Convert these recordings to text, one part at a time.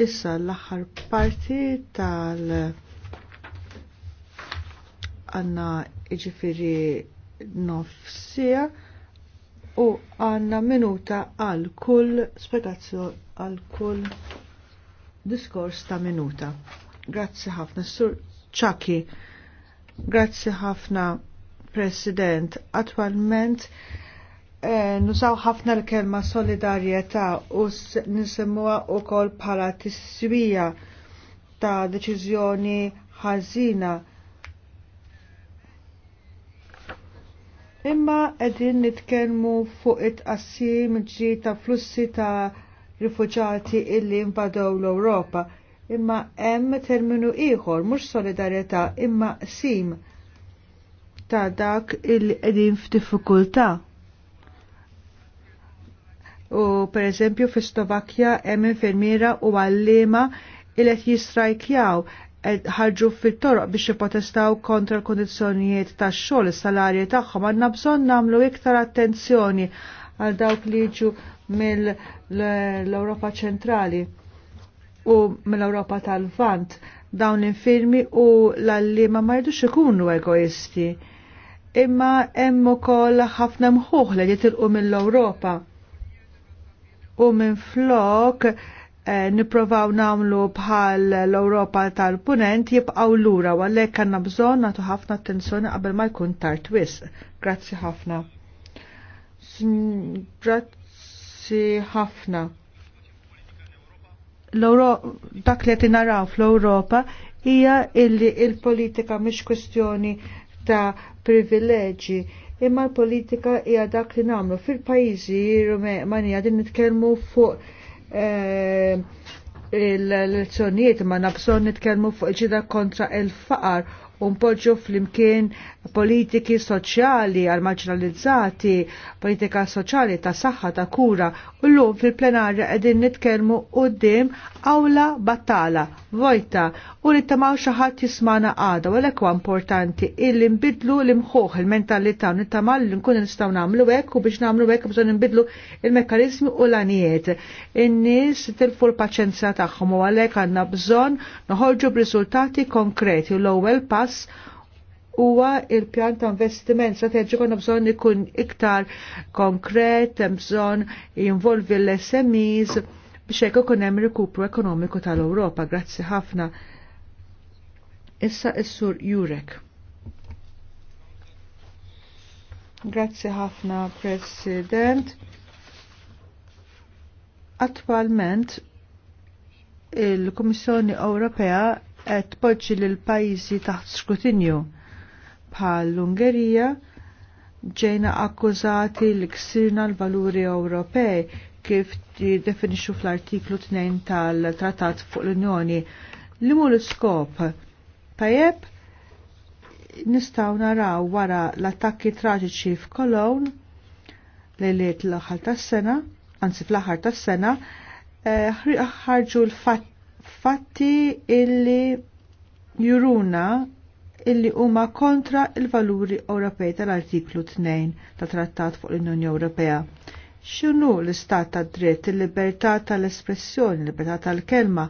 issa l-aħħar parti tal għanna iġifiri nofsija u għanna minuta għal kull spiegazzjoni għal kull diskors ta' minuta. Grazzi ħafna, Sur Ċaki. Grazzi ħafna, President. Attualment Eh, Nusaw ħafna l-kelma solidarjetà u u wkoll bħala tiswija ta' deċiżjoni ħażina. Imma qegħdin nitkellmu fuq it-qassim ġi ta' flussi ta' rifuġati illi invadew l-Ewropa. Imma hemm terminu ieħor mhux solidarjetà imma sim ta' dak il qegħdin f'diffikultà U per eżempju fi Slovakja hemm infermiera u għallima il qed jistrajkjaw ħarġu fit-toroq biex jippotestaw kontra l-kondizzjonijiet tax-xogħol, is-salarji tagħhom għandna bżonn nagħmlu iktar attenzjoni għal dawk li jiġu mill-Ewropa ċentrali u mill-Ewropa tal-Vant dawn l-infirmi u l-allima ma jridux ikunu egoisti. Imma hemm ukoll ħafna mħuħ li jitilqu mill-Ewropa u minn flok eh, niprovaw namlu bħal l-Europa tal-punent jibqaw lura u għalhekk għandna bżonn nagħtu ħafna attenzjoni qabel ma jkun tard wisq. Grazzi ħafna. Grazzi ħafna. dak li qed naraw fl-Ewropa hija illi il-politika mhix kwestjoni ta' privileġi imma l-politika hija dak li nagħmlu fil-pajjiżi Rumanija din nitkellmu fuq eh, l-elezzjonijiet ma nabson nitkellmu fuq ġida kontra il-faqar u mpoġġu flimkien politiki soċjali għal marginalizzati, politika soċjali ta' saħħa ta' kura u llum fil-plenarja qegħdin nitkellmu quddiem awla battala vojta u li tamaw xi ħadd jismana għada u għalhekk huwa importanti illi nbidlu l-imħuħ il-mentalità u nittamaw li nkun nistgħu nagħmlu hekk u biex nagħmlu hekk bżonn nbidlu il-mekkaniżmi u l-anijiet. In-nies tilfu l-paċenzja tagħhom u għalhekk għandna bżonn noħorġu b'riżultati konkreti u l-ewwel pass qafas huwa il-pjan ta' investiment strategiku għandna bżon ikun iktar konkret, hemm bżonn jinvolvi l-SMEs biex hekk ikun hemm rikupru ekonomiku tal-Ewropa. Grazzi ħafna. Issa is-sur Jurek. Grazzi ħafna, President. Attualment il-Kummissjoni Ewropea qed poġġi lil pajjiżi taħt skrutinju bħal l-Ungerija ġejna akkużati li ksirna l-valuri Ewropej kif jiddefinixxu fl-artiklu 2 tal-Trattat fuq l-Unjoni li mu l-iskop tajjeb nistgħu naraw wara l-attakki traġiċi f'Kolon lejliet l-aħħar tas-sena, anzi fl-aħħar tas-sena, eh, ħarġu l fatt fatti illi juruna illi huma kontra il-valuri Ewropej tal-artiklu 2 ta' trattat fuq l-Unjoni Ewropea. X'unu l-istat ta' dritt, il-libertà tal-espressjoni, il-libertà tal-kelma,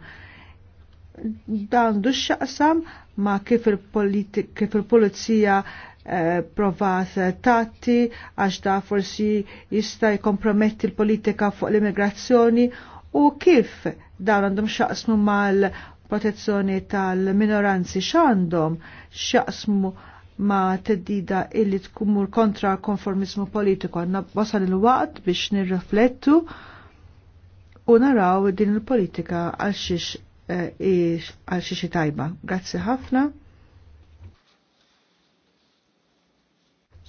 dan x'aqsam ma' kif il-polizija eh, provat tatti għax da forsi jista' jkomprometti l-politika fuq l-immigrazzjoni u kif dawn għandhom xaqsmu mal-protezzjoni tal-minoranzi x'għandhom xaqsmu ma teddida illi tkumur kontra konformismu politiku għanna wasal il-waqt biex nirriflettu u naraw din il-politika eh, għal xiex tajba. Grazzi ħafna.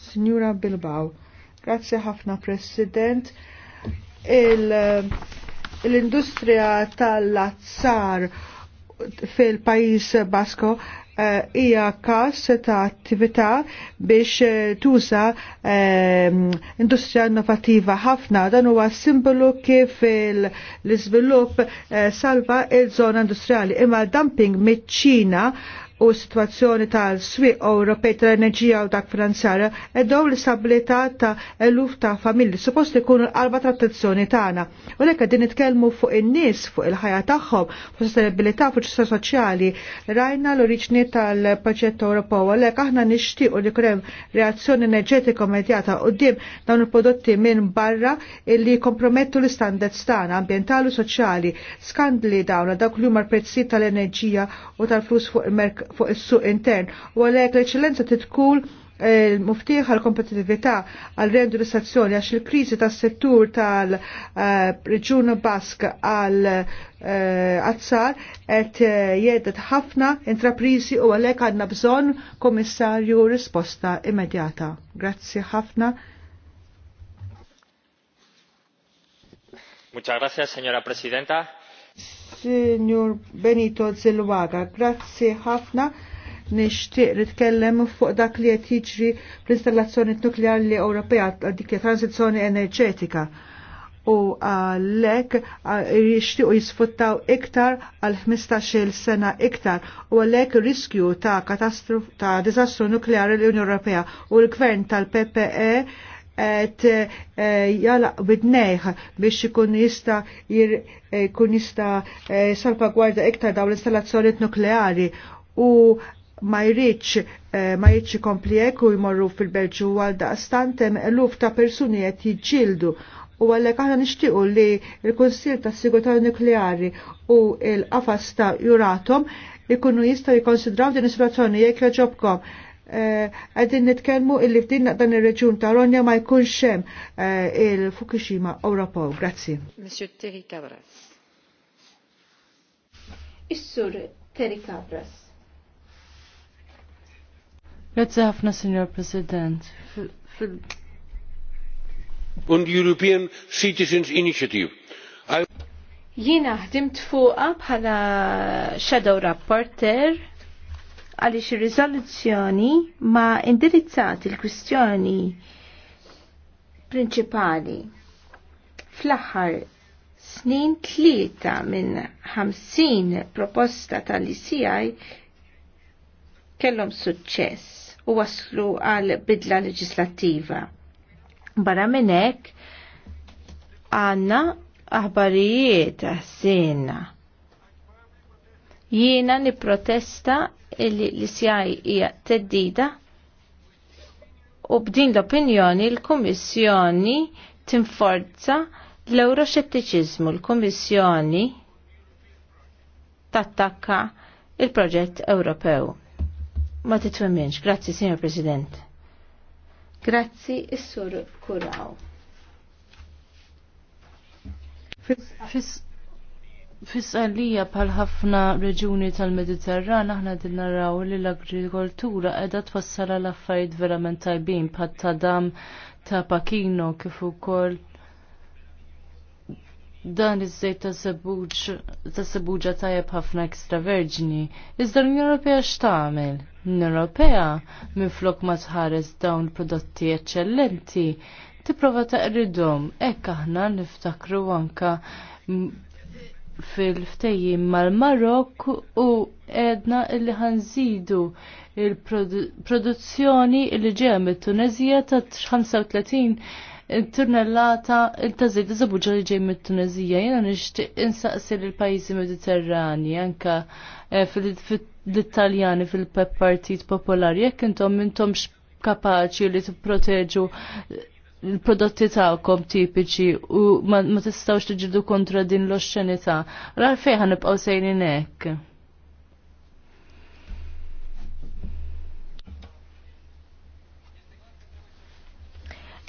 Signora Bilbao, grazzi ħafna President. Il- l-industrija tal-azzar fil-pajis Basko eh, hija kas ta' attività biex eh, tuża ehm, industrija innovativa ħafna dan huwa simbolu kif l-iżvilupp eh, salva il-żona industrijali imma dumping miċ-Ċina u situazzjoni tal u Ewropej tal-enerġija u dak finanzjarja eddew l-istabilità ta' eluf ta' familji suppost ikunu l-qalba trattazzjoni tagħna. U lekk din nitkellmu fuq in-nies, fuq il-ħajja tagħhom, fuq sostenibilità, fuq ċista soċjali. Rajna l-oriġni tal-proġett Ewropew għalhekk aħna nixtiequ li krem reazzjoni enerġetika medjata dim dawn il-prodotti minn barra illi kompromettu l-istandards tagħna ambjentali u soċjali. Skandli dawn dak li huma l-prezzi tal-enerġija u tal-flus fuq il-merk fuq is-suq intern u għalhekk l-eċċellenza titkun il-muftiħ eh, għal kompetitività għal l-istazzjoni għax il-krizi tas settur tal-reġun eh, Bask għal eh, azzar et jedet ħafna intraprizi u għalek għadna bżon komissarju risposta immedjata. Grazzi ħafna. Muchas gracias, señora presidenta. Signor Benito Zilwaga, grazzi ħafna nixtieq nitkellem fuq dak li qed jiġri fl-installazzjoni nukleari Ewropea għal dik transizzjoni enerġetika u għalhekk jixtiequ jisfuttaw iktar għal 15 sena iktar u għalhekk riskju ta' katastrof ta' diżastru nukleari l-Unjoni Ewropea u l-gvern tal-PPE et eh, jala bidnejħ biex ikun jista jkun eh, jista eh, salvagwarda iktar daw l-installazzjoniet nukleari u ma jridx ma jridx komplijek u jmorru fil-Belġu għal l eluf ta' persuni qed jiġġieldu u għallek aħna nixtiequ li l-Kunsil ta' Sigurtà Nukleari u l afas ta' juratom ikunu jistgħu jikkonsidraw din is-situazzjoni jekk jogħġobkom. Eh, għedin nitkelmu illi f'din naqdan ir-reġun ta' Ronja ma jkun xem eh, il-Fukushima Ewropew. Grazzi. Monsieur Terry Cabras. Is-sur Terry Cabras. Grazzi ħafna, Signor President. Und European Citizens Initiative. Jina ħdimt fuqa bħala Shadow Rapporter għaliex ir-riżoluzzjoni ma indirizzati il-kwistjoni prinċipali fl-aħħar snin tlieta minn 50 proposta tal-ICI kellhom suċċess u waslu għal bidla leġislattiva. Barra minn hekk għandna aħbarijiet għasena. Jiena nipprotesta li sjaj hija teddida u b'din l-opinjoni l-Kummissjoni tinforza l-euroxettiċiżmu l-Kummissjoni tattakka il-proġett Ewropew. Ma titwemminx, grazzi Signor President. Grazzi is-Sur Kuraw. Fis Fis-għalija bħal ħafna reġuni tal-Mediterran aħna din naraw li l-agrikoltura qiegħda twassala l-affarijiet verament tajbin bħal ta' dam ta' pakino kif ukoll dan iż-żejt ta' ta' sebuġa tajjeb ħafna ekstra verġini. Iżda l-Unjoni Ewropea x'tagħmel? L-Unjoni Ewropea minflok ma tħares dawn prodotti eċċellenti tipprova taqridhom hekk aħna niftakru anka fil-ftejjim mal-Marok u edna li ħanżidu il-produzzjoni li ġeja mit-Tunezija ta' 35 turnellata il-tazil ta' zabuġa li ġej mit-Tunezija. Jena nishtiq insaqsir il-pajzi mediterrani anka eh, fil-Italjani fil-Partit Popolari jekk intom intom kapaċi li t-proteġu il-prodotti ta'kom tipiċi u ma, tistawx tiġidu kontra din l-oxxenita. Rar fejn ħanibqgħu sejrin hekk.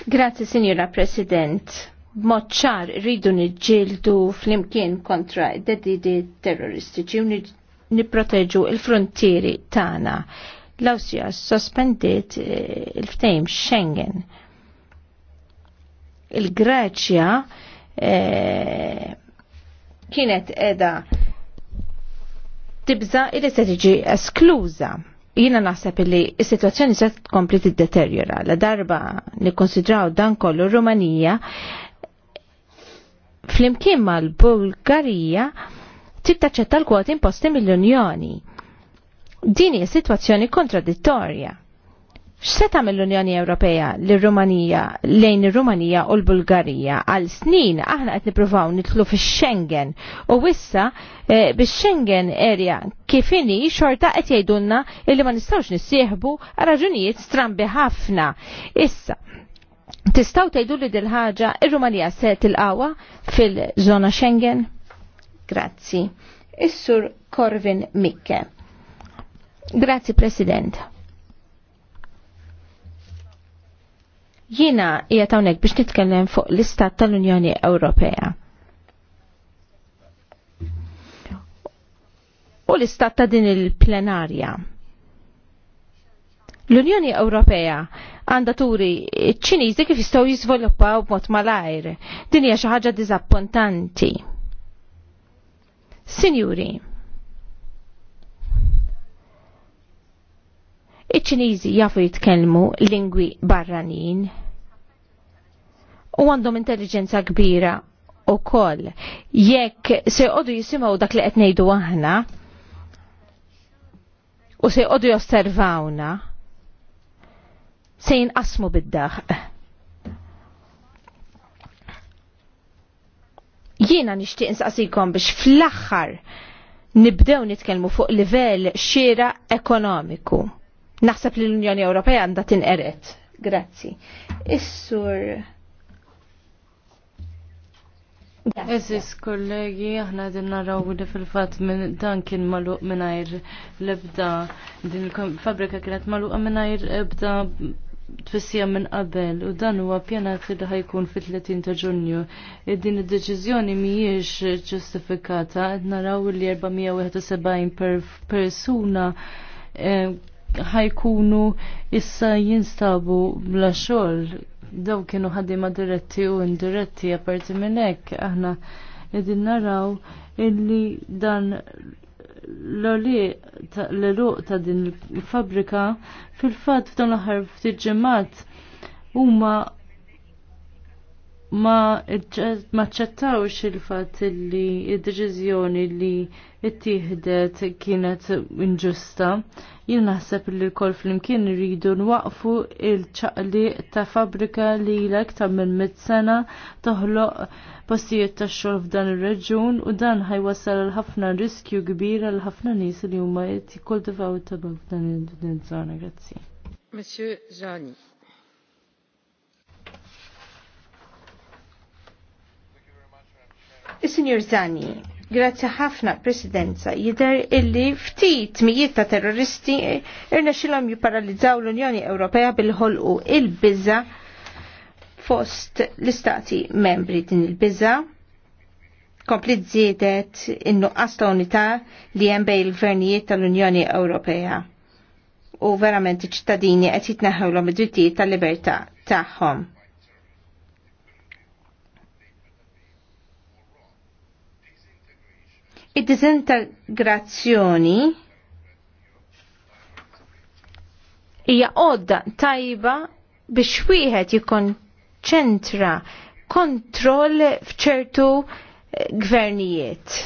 Grazie, Signora President. Moċċar rridu nġildu fl-imkien kontra d dedidi terroristiċi u niproteġu il-frontieri tagħna. L-Awsija sospendiet eh, il-ftejm Schengen il-Greċja eh, kienet edha tibza il se tiġi eskluża. Jina naħseb li s-situazzjoni se tkompli deteriora. La darba nikkonsidraw dan kollu Rumanija flimkien mal-Bulgarija trid taċċetta l-kwoti imposti mill-Unjoni. Din hija sitwazzjoni kontradittorja x'se tagħmel l-Unjoni Ewropea lir-Rumanija lejn ir-Rumanija u l-Bulgarija għal snin aħna qed nippruvaw nidħlu fix-Schengen u issa biex eh, bix-Schengen area kif inhi xorta qed jgħidulna li ma nistgħux nissieħbu raġunijiet strambi ħafna. Issa, tistgħu tgħidu li dil ħaġa ir-Rumanija se tilqawa fil-żona Schengen? Grazzi. Is-Sur Corvin Mikke. Grazzi President. Jiena hija hawnhekk biex nitkellem fuq l-istat tal-Unjoni Ewropea. U l-istat ta' din il-plenarja. L-Unjoni Ewropea għandha turi ċ-Ċiniżi kif jistgħu jiżviluppaw b'mod malajr. Din hija xi ħaġa diżappuntanti. Sinjuri, iċ-Ċiniżi jafu jitkellmu lingwi barranin u għandhom intelligenza kbira u koll. Jekk se għodu jisimaw dak li qed ngħidu aħna u se għodu josservawna, se jinqasmu bid Jiena nixtieq insaqsikom biex fl-aħħar nibdew nitkellmu fuq livell xira ekonomiku. Naħseb li l-Unjoni Ewropea għandha tinqeret. Grazzi. Is-sur Eżis kollegi, aħna din naraw li fil-fat minn dan kien maluq minnajr lebda din il-fabrika kienet maluqa minnajr ebda tfissija minn qabel u dan huwa pjanat li ħajkun fit-30 ta' Ġunju. E din id-deċiżjoni mhijiex ġustifikata qed naraw li 471 persuna eh, ħajkunu issa jinstabu bla xogħol daw kienu ħaddiema diretti u indiretti apparti minn hekk aħna qegħdin naraw illi dan l-oli l-eruq ta' din il-fabrika fil-fatt f'dan l-aħħar ftit ġemat huma ma maċċettawx il-fatt li id-deċiżjoni li ittieħdet kienet inġusta. Jien naħseb li l-kol flimkien rridu nwaqfu il-ċaqli ta' fabrika li l-ek ta' minn mit-sena toħloq postijiet ta' xogħol f'dan ir-reġun u dan ħajwassal l ħafna riskju kbir għal ħafna nies li huma jkoltivaw it-tabak f'dan il żona Grazzi. Monsieur Zani. is Zani, grazzi ħafna presidenza jider illi ftit mijiet ta' terroristi xilom jipparalizzaw l-Unjoni Ewropea bil-ħolqu il-biża fost l-istati membri din il-biża kompli żiedet in-nuqqas ta' unità li hemm bejn il-gvernijiet tal-Unjoni Ewropea u verament iċ-ċittadini qed jitneħħewlhom id-drittijiet tal-libertà tagħhom id disintegrazzjoni hija għodda tajba biex wieħed jikkonċentra kontroll f'ċertu eh, gvernijiet.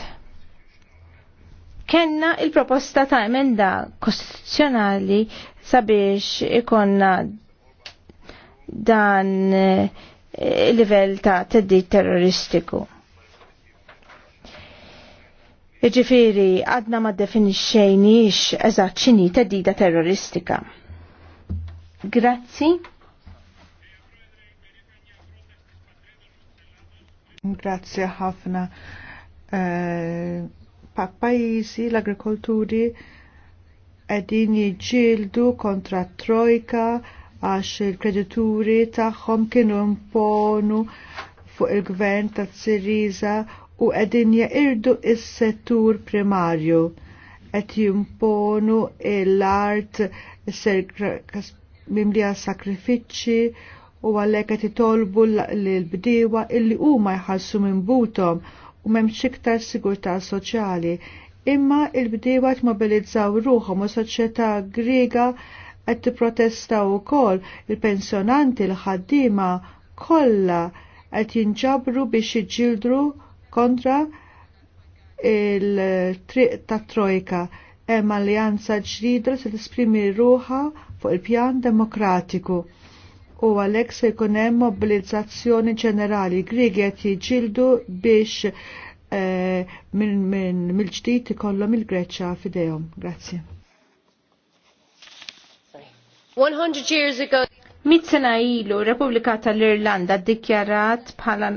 Kenna il-proposta ta' emenda kostituzzjonali sabiex ikonna dan eh, il-livell ta' teddi terroristiku. Iġifiri, għadna ma definixxejniex eżatt xini teddida terroristika. Grazzi. Grazzi ħafna. Eh, Pajjiżi l-agrikolturi qegħdin jġildu kontra trojka għax il-kredituri tagħhom kienu imponu fuq il-gvern ta' Siriza u qegħdin jaqirdu il settur primarju qed jimponu l-art mimlija sakrifiċi u għalek qed jitolbu l-bdiewa illi huma jħallsu minn butom u m'hemmx iktar sigurtà soċjali. Imma l-bdiewa tmobilizzaw ruħhom u soċjetà Griega qed u kol il-pensjonanti l ħaddima kollha qed jinġabru biex iġildru kontra il-triq ta' trojka hemm alleanza ġdida se tisprimi ruħa fuq il-pjan demokratiku u għalhekk se jkun hemm mobilizzazzjoni ġenerali Griegi qed jiġildu biex eh, minn mill-ġdid ikollhom il-Greċċa f'idejhom. Grazzi. 100 years ago Mit sena ilu Repubblika tal-Irlanda dikjarat bħala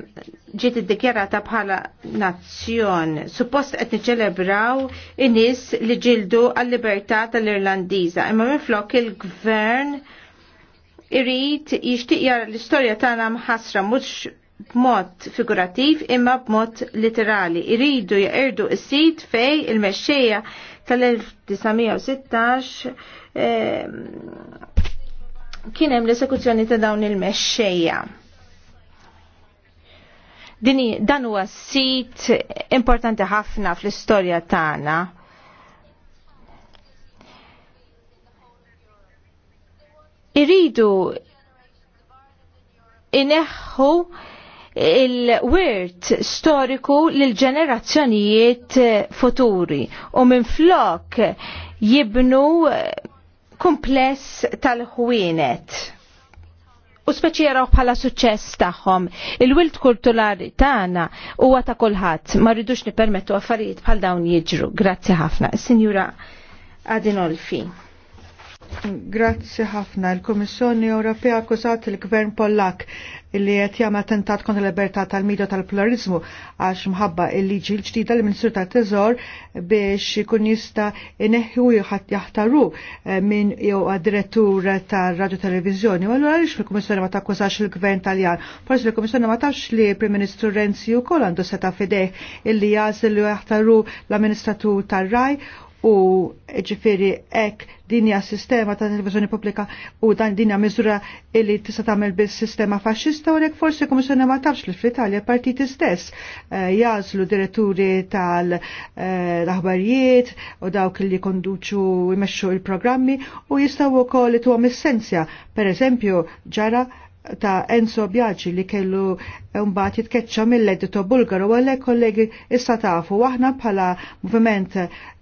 ġiet iddikjarata bħala nazzjon. Suppost qed niċċelebraw in-nies li ġildu għall-libertà tal-Irlandiża, imma minflok il-gvern irid jixtieq jara l-istorja tagħna mħasra mhux b'mod figurativ imma b'mod literali. Iridu jaqirdu s-sit fej il-mexxejja tal-1916 eh, kien hemm l-esekuzzjoni ta' dawn il-mexxejja. Dini, dan huwa sit importanti ħafna fl-istorja tagħna. Iridu ineħħu il-wirt storiku l-ġenerazzjonijiet futuri u minn flok jibnu kumpless tal-ħwienet u speċjeraw bħala suċċess tagħhom. il wilt kulturali tagħna huwa ta' kulħadd, ma rridux nippermettu affarijiet bħal dawn jiġru. Grazzi ħafna. Sinjura Adinolfi. Grazzi ħafna. il kummissjoni Ewropea akkużat il-Gvern Pollak li qed jagħmel attentat kontra l-libertà tal midja tal-pluralizmu għax mħabba il-liġi l-ġdida li ministru tat teżor biex ikun jista' ineħħu jaħtaru eh, minn jew direttur tar-radio televiżjoni. U allura għaliex il-Kummissjoni ma takkużax il-Gvern Taljan. Forsi il-Kummissjoni ma tafx li Prim Ministru Renzi wkoll għandu seta' fideh illi jażel li jaħtaru l-amministratur tar-Raj u ġifiri ek dinja sistema ta' televizjoni pubblika u dan dinja miżura illi tista' tagħmel bis sistema faxxista u rek forsi kummissjoni ma tafx li fl-Italja partiti stess eh, jażlu diretturi tal-aħbarijiet eh, u dawk li konduċu jmexxu il-programmi u jistgħu wkoll li tuhom essenzja. Per eżempju, ġara ta' Enzo Biaggi li kellu mbagħad jitkeċċa mill-edito Bulgaru għalhekk kollegi issa tafu aħna bħala Moviment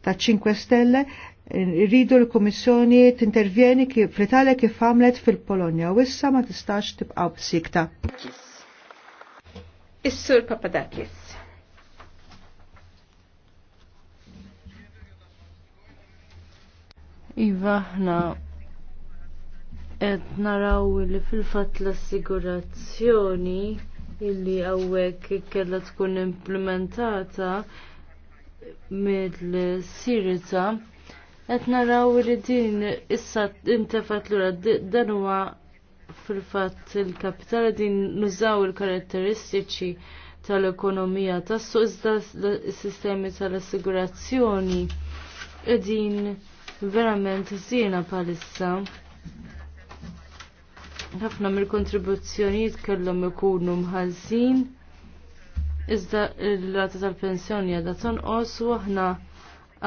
ta' 5 Stelle rridu l-Kummissjoni tintervjeni kif fl-Italja kif għamlet fil-Polonja u issa ma tistax tibqa' b'sikta. Is-Sur Papadakis. Iva, ħna Et naraw li fil-fat l-assigurazzjoni illi għawek kella tkun implementata mill-sirita qed naraw li din issa intefat lura dan huwa fil-fatt il-kapitali din nużaw il-karatteristiċi tal-ekonomija tassu iżda s-sistemi tal-assigurazzjoni qegħdin verament żiena palissa ħafna mill-kontribuzzjonijiet kellhom ikunu mħallsin iżda l-rata tal-pensjoni għadha tonqos u aħna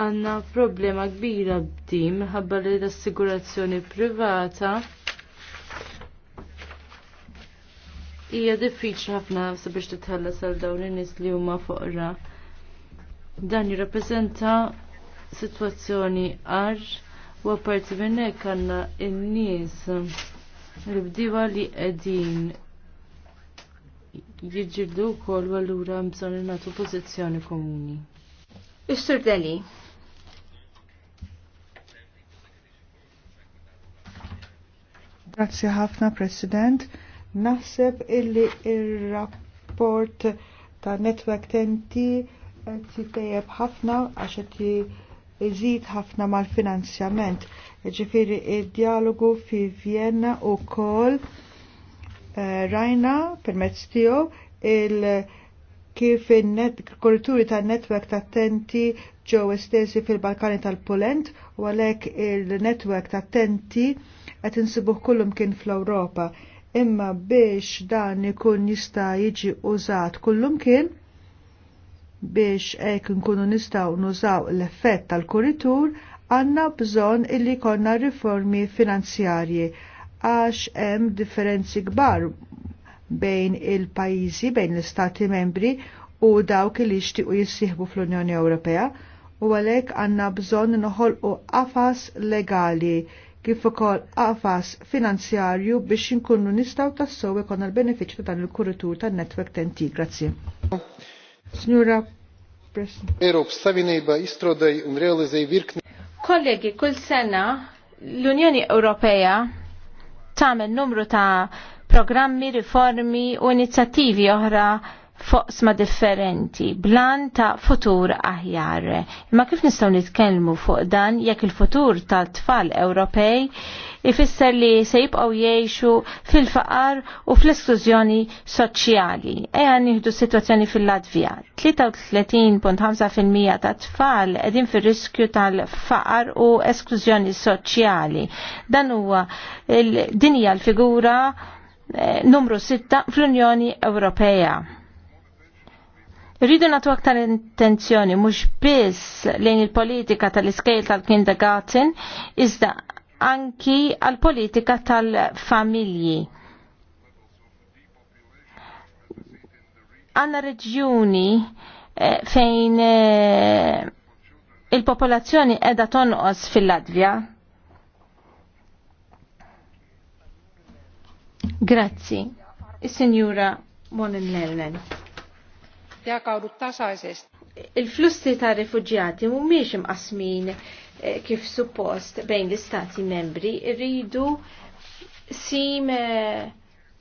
għandna problema kbira b'din minħabba li l-assigurazzjoni privata hija diffiċli ħafna sabiex titħallas għal dawn in-nies li huma foqra. Dan jirrappreżenta sitwazzjoni għar u apparti minn hekk għandna in-nies Ribdiva li qegħdin jiġġieldu wkoll allura bżonn nagħtu pożizzjoni komuni. Is-Sur Deli. ħafna President. Naħseb illi il rapport ta' Network Tenti qed ħafna għax qed iżid ħafna mal-finanzjament. Ġifiri d dialogu fi Vienna u kol uh, rajna permezz tiegħu il- kif il-kulturi ta' netwerk ta' tenti ġew estesi fil-Balkani tal-Polent u għalhekk il-netwerk ta' tenti qed insibuh kullum kien fl-Ewropa. Imma biex dan ikun jista' jiġi użat kullum kien, biex ek nkunu nistaw nużaw l-effett tal-kuritur għanna bżon illi konna riformi finanzjarji għax hemm differenzi kbar bejn il-pajjiżi, bejn l-istati membri u dawk li jixtiequ jissieħbu fl-Unjoni Ewropea u għalhekk għandna bżonn noħolqu għafas legali kif ukoll għafas finanzjarju biex inkunu nistgħu tassew ikon l-benefiċċju ta' dan il-kuritur tan-netwerk tenti. Grazzi. Signora President. Um Kollegi, kull sena l-Unjoni Ewropea tagħmel numru ta' programmi, riformi u inizjattivi oħra foqsma differenti, blan ta' futur aħjar. Ma kif nistgħu nitkellmu fuq dan jekk il-futur tal-tfal Ewropej ifisser li se jibqgħu jgħixu fil-faqar u fl-esklużjoni soċjali. Eja nieħdu situazzjoni fil-Latvija. 33.5% ta' tfal qegħdin fir-riskju tal-faqar u esklużjoni soċjali. Dan huwa din hija l-figura eh, numru 6 fl-Unjoni Ewropea. Rridu natu aktar intenzjoni mhux biss lejn il-politika tal-iskejl tal-kindergarten, iżda anki għal politika tal-familji. Għanna reġjuni eh, fejn eh, il-popolazzjoni edha tonqos fil-Latvja. Grazzi. Is-Sinjura Bonin Lellen. Il-flussi ta' rifugjati mumiex imqasmin Eh, kif suppost bejn l-istati membri rridu sim eh,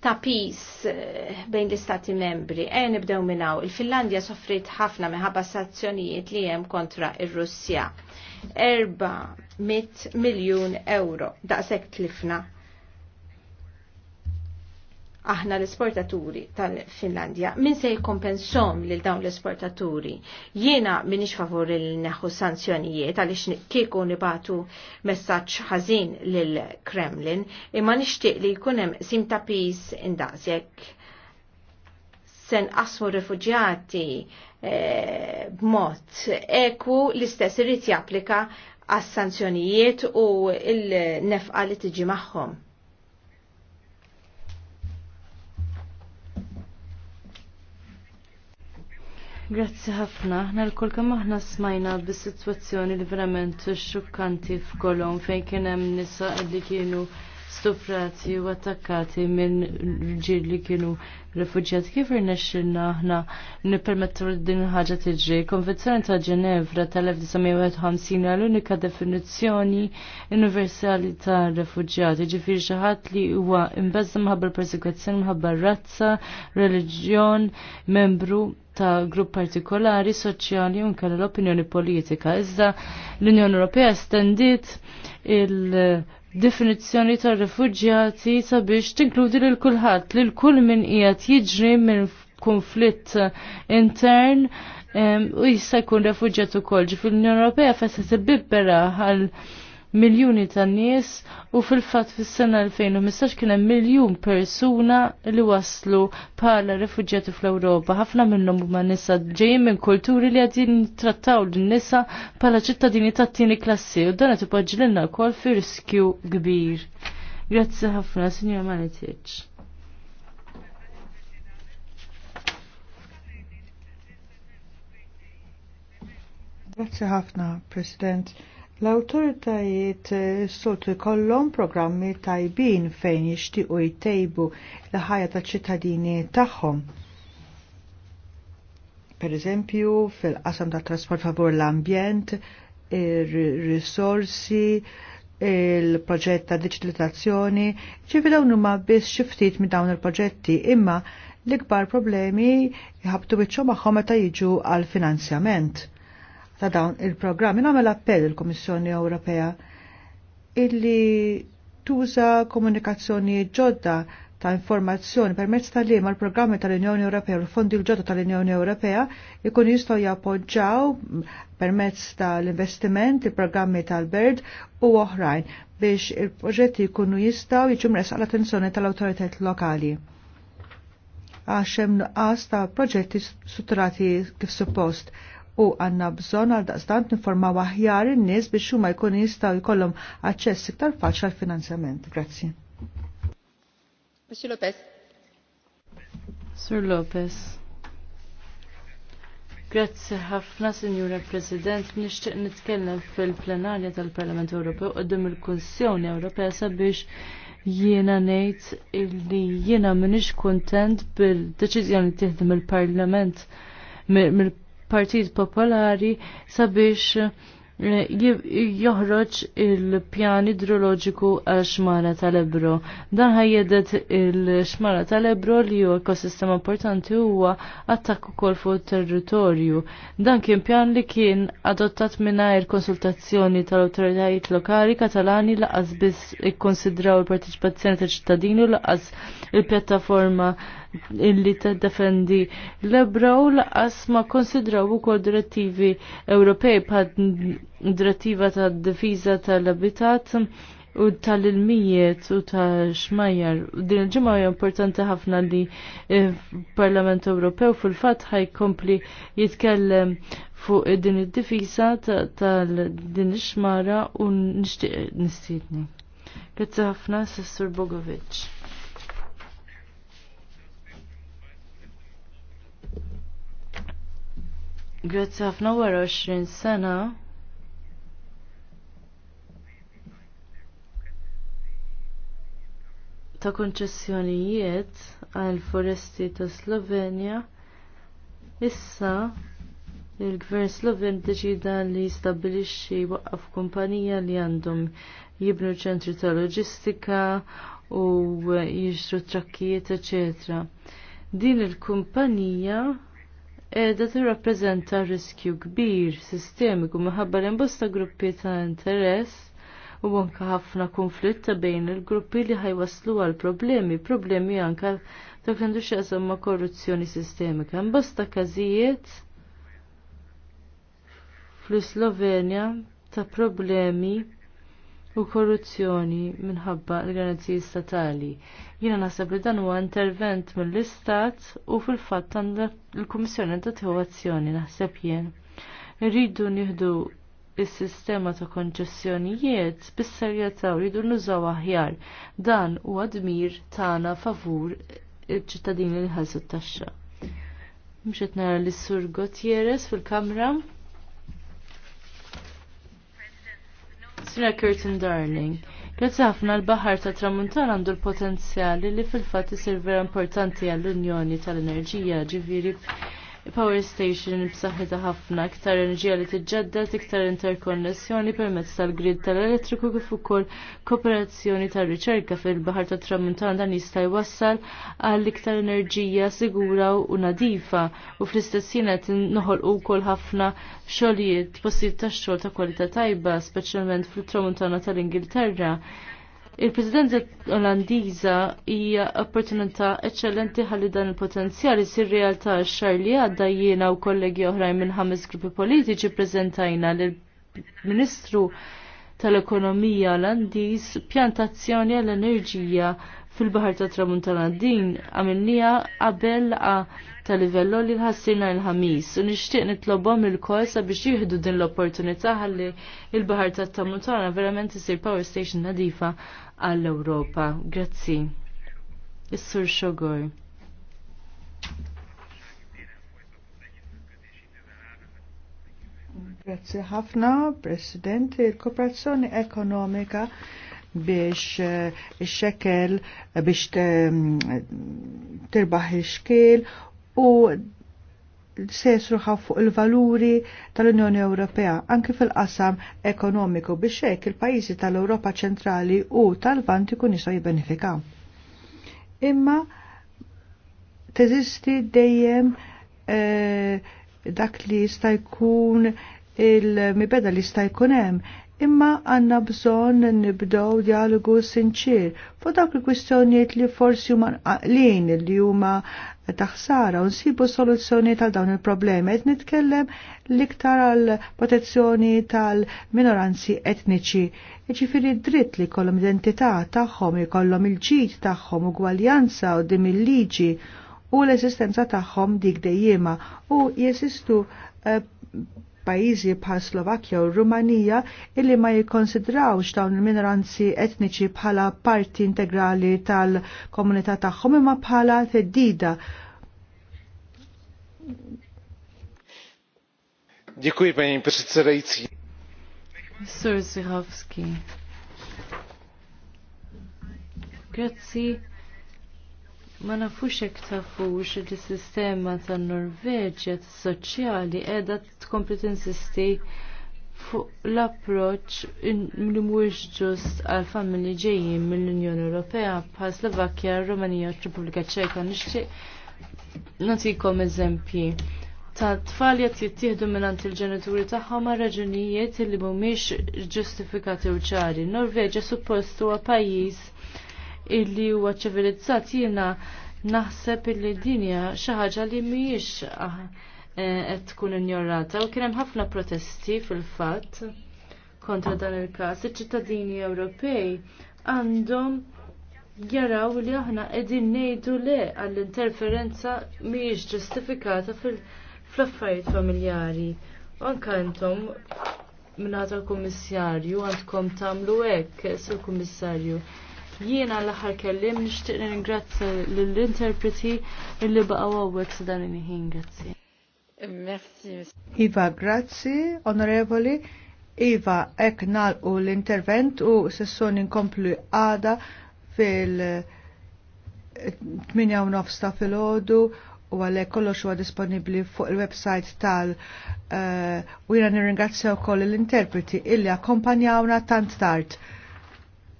ta' pis eh, bejn l-istati membri. E nibdew minnaw, il-Finlandja soffrit ħafna minħabba sanzjonijiet li hemm kontra ir-Russja. 400 miljun euro daqshekk tlifna aħna l-esportaturi tal-Finlandja, min se jkompensom lil dawn l-esportaturi? Jiena minix favori li neħu sanzjonijiet għaliex kieku nibatu messaġġ ħażin l Kremlin, imma nixtieq li jkun hemm sim ta' pis indaqsjek sen qasmu rifuġjati eh, b'mod eku l-istess irid japplika għas sanzjonijiet u l-nefqa li tiġi magħhom. Grazzi ħafna. Aħna l-kull kemm aħna smajna bis-sitwazzjoni li verament xukkanti f'kolom fejn kien hemm nisa li kienu stuprati u attakkati minn ġir li kienu refugjati. Kif irnexxilna aħna nippermettu li din ħaġa tiġri? Konvenzjoni ta' Ġenevra tal-1951 għal unika definizzjoni universali ta' refugjati, ġifieri xi ħadd li huwa mħabba l persekuzzjoni minħabba razza, reliġjon, membru ta' grupp partikolari, soċjali u l-opinjoni politika. Iżda l-Unjoni Ewropea stendiet il- definizzjoni ta' rifugjati sabiex tinkludi lil kulħadd lil kull min qiegħed jiġri minn konflitt intern u jista' jkun rifugjat ukoll. l unjoni Ewropea fesset il għal miljuni ta' nies u fil-fatt fis-sena 2015 kien hemm miljun persuna li waslu bħala refuġjati fl-Ewropa. Ħafna minnhom huma nisa ġejjin minn kulturi li qegħdin trattaw lin-nisa bħala ċittadini tat-tieni klassi u dan qed ipoġġilna wkoll fi riskju kbir. Grazzi ħafna, Sinjor Maletiċ. Grazie ħafna, President. L-autoritajiet eh, sot kollom programmi tajbin fejn u jtejbu l-ħajja taċ ċittadini tagħhom. Per eżempju, fil-qasam tat trasport favur l-ambjent, il risorsi il-proġett ta' digitalizzazzjoni, ċivi dawn huma biss xi ftit minn dawn il-proġetti, imma l-ikbar problemi jħabtu biċċhom magħhom meta jiġu għal finanzjament ta' dawn il-programmi. Namel appell il-Komissjoni Ewropea illi tuża komunikazzjoni ġodda ta' informazzjoni permezz tal liema l-programmi tal-Unjoni Ewropea u l-fondi l-ġodda tal-Unjoni Ewropea jikun jistgħu jappoġġaw permezz tal-investiment il-programmi tal-BERD u oħrajn biex il-proġetti jkunu jistgħu jiġu mresaq l-attenzjoni tal-awtoritajiet lokali għax hemm nuqqas ta' proġetti strutturati kif suppost u għanna bżon għal daqstant niformaw aħjar n-nis biex u ma jkun jistaw jkollom għacċess iktar faċli għal finanzjament. Grazzi. Monsieur Lopez. Sur Lopez. Grazzi ħafna, Signora President, nixtieq nitkellem fil-plenarja tal-Parlament Ewropew qudiem il-Kunsjoni Ewropea sabiex jiena ngħid illi jiena m'iniex kuntent bil-deċiżjoni tieħdem il-Parlament mill Partit Popolari sabiex eh, joħroġ il-pjan idroloġiku għal xmara tal-Ebro. Dan ħajjedet il-xmara tal-Ebro li huwa ekosistema importanti huwa attakku ukoll fuq territorju. Dan kien pjan li kien adottat mingħajr konsultazzjoni tal-awtoritajiet lokali katalani laqas biss ikkonsidraw il-partiċipazzjoni tal-ċittadini u laqas il-pjattaforma il illi ta' defendi l-ebra u laqas ma konsidraw ukoll direttivi Ewropej pa' direttiva ta' difiża tal-abitat u tal-ilmijiet u ta' xmajjar Din il-ġimgħa hija importanti ħafna li Parlament Ewropew fil-fatt ħajkompli jitkellem fuq din id-difisa tal-din ix-xmara u nixtieq nistiedni. Grazzi ħafna, Sessur Bogovic. Grazzi ħafna wara 20 sena. ta' konċessjonijiet għal foresti ta' Slovenja issa il-gvern sloven deċida li jistabilixxi waqqaf kumpanija li għandhom jibnu ċentri ta' loġistika u jiġru trakkijiet, eċetera. Din il-kumpanija edha eh, tirrappreżenta riskju kbir sistemiku minħabba l-imbosta gruppi ta' interess u anka ħafna konflitta ta' bejn il-gruppi li ħajwaslu għal problemi, problemi anka ta' kendu xieqsam ma' korruzzjoni sistemika. Mbasta kazijiet fl-Slovenja ta' problemi u korruzzjoni minħabba l-garanziji statali. Jiena naħseb li dan huwa intervent mill-Istat u fil-fatt għandha l-Kummissjoni ta' tieħu azzjoni naħseb jien. Irridu nieħdu is-sistema ta' konċessjonijiet bis-serjetà u rridu nużaw aħjar. Dan huwa dmir tagħna favur iċ-ċittadini li ħassu t-taxxa. Mxet nara l-Sur Gutierrez fil-Kamra. Sra Curtin Darling, grazzi ħafna l-Bahar ta' Tramuntana għandu l-potenzjali li fil-fat jisir vera importanti għall-Unjoni tal-Enerġija ġiviri power station b'saħħitha ħafna, iktar enerġija li tiġġedded, iktar interkonnessjoni permezz tal-grid tal-elettriku kif ukoll kooperazzjoni tar-riċerka fil-Baħar tat Tramuntana dan jista' jwassal għal iktar enerġija sigura u nadifa u fl-istess jien qed noħolqu wkoll ħafna xogħlijiet, postijiet tax-xogħol ta' kwalità tajba, speċjalment fil-Tramuntana tal-Ingilterra. Il-Presidenza Olandiża hija opportunità eċċellenti ħalli dan il-potenzjal isir realtà x-xar li għadda jiena u kollegi oħrajn minn ħames gruppi politiċi preżentajna lill-Ministru tal-Ekonomija Olandiż pjantazzjoni għall-enerġija fil-Bahar ta' Tramuntana din għamilnija qabel ta' livello li l-ħassirna l-ħamis u nixtieq nitlobhom il-kol sabiex jieħdu din l-opportunità ħalli il-Bahar ta' Tramuntana verament isir power station nadifa għall-Ewropa. Grazzi. Is-Sur Xogor. Grazie ħafna, President. Il-kooperazzjoni ekonomika biex eh, xekel biex mm, tirbaħ xkiel u se jesruħaw fuq il-valuri tal-Unjoni Ewropea anki fil-qasam ekonomiku biex hekk il-pajjiżi tal-Ewropa ċentrali u tal-Vant ikun jistgħu jibbenefikaw. Imma teżisti dejjem eh, dak li jista' jkun il-mibeda li jista' jkun hemm imma għanna bżon nibdow dialogu sinċir fuq dawk il-kwistjonijiet li forsi huma nqaqlin li huma taħsara u nsibu soluzzjoni tal dawn il-problemi qed nitkellem l-iktar għal protezzjoni tal-minoranzi etniċi. Ġifieri dritt li kollhom identità tagħhom, ikollhom il-ġid tagħhom, ugwaljanza u dim il-liġi u l-esistenza tagħhom dik dejjema u jesistu eh, pajizi bħal Slovakja u Rumanija illi ma jikkonsidrawx dawn il-minoranzi etniċi bħala parti integrali tal-komunità tagħhom imma bħala teddida. Dziękuję panie przewodniczący. Sir Zychowski. Grazie. Ma nafux hekk tafux li sistema tan-Norveġja tas-soċjali qiegħda tkompli tinsisti fuq l-approċċ li mhuwiex ġust għal familji ġejjin mill-Unjoni Ewropea bħal Slovakkja, Rumanija u Repubblika Ċeka nixtieq nagħtikom eżempji ta' tfal jett jittieħdu minnant il-ġenituri tagħhom ma' raġunijiet li mhumiex ġustifikati u ċari. Norveġa suppost huwa pajjiż illi huwa ċivilizzat jiena naħseb illi dinja xi ħaġa li mhijiex ah, eh, qed tkun injorata u kien hemm ħafna protesti fil-fatt kontra dan il-każ. Iċ-ċittadini Ewropej għandhom jaraw li aħna qegħdin ngħidu le għall-interferenza mhijiex ġustifikata fl-affarijiet familjari. Anka intom minnata l-Kummissarju għandkom tagħmlu hekk sur-Kummissarju. Jiena l-aħħar kellim nixtieq ningrazzja lill-interpreti illi baqgħu għawek sa dan il-ħin grazzi. Merci. Iva, grazzi, onorevoli. Iva, ek nalqu l-intervent u sessjoni nkomplu għada fil- 8 nofs ta' fil-ħodu u għalek kollox huwa disponibli fuq il-website tal uh, u jina nirringrazzja wkoll l-interpreti illi akkompanjawna tant tard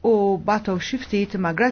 u batow xiftit ma'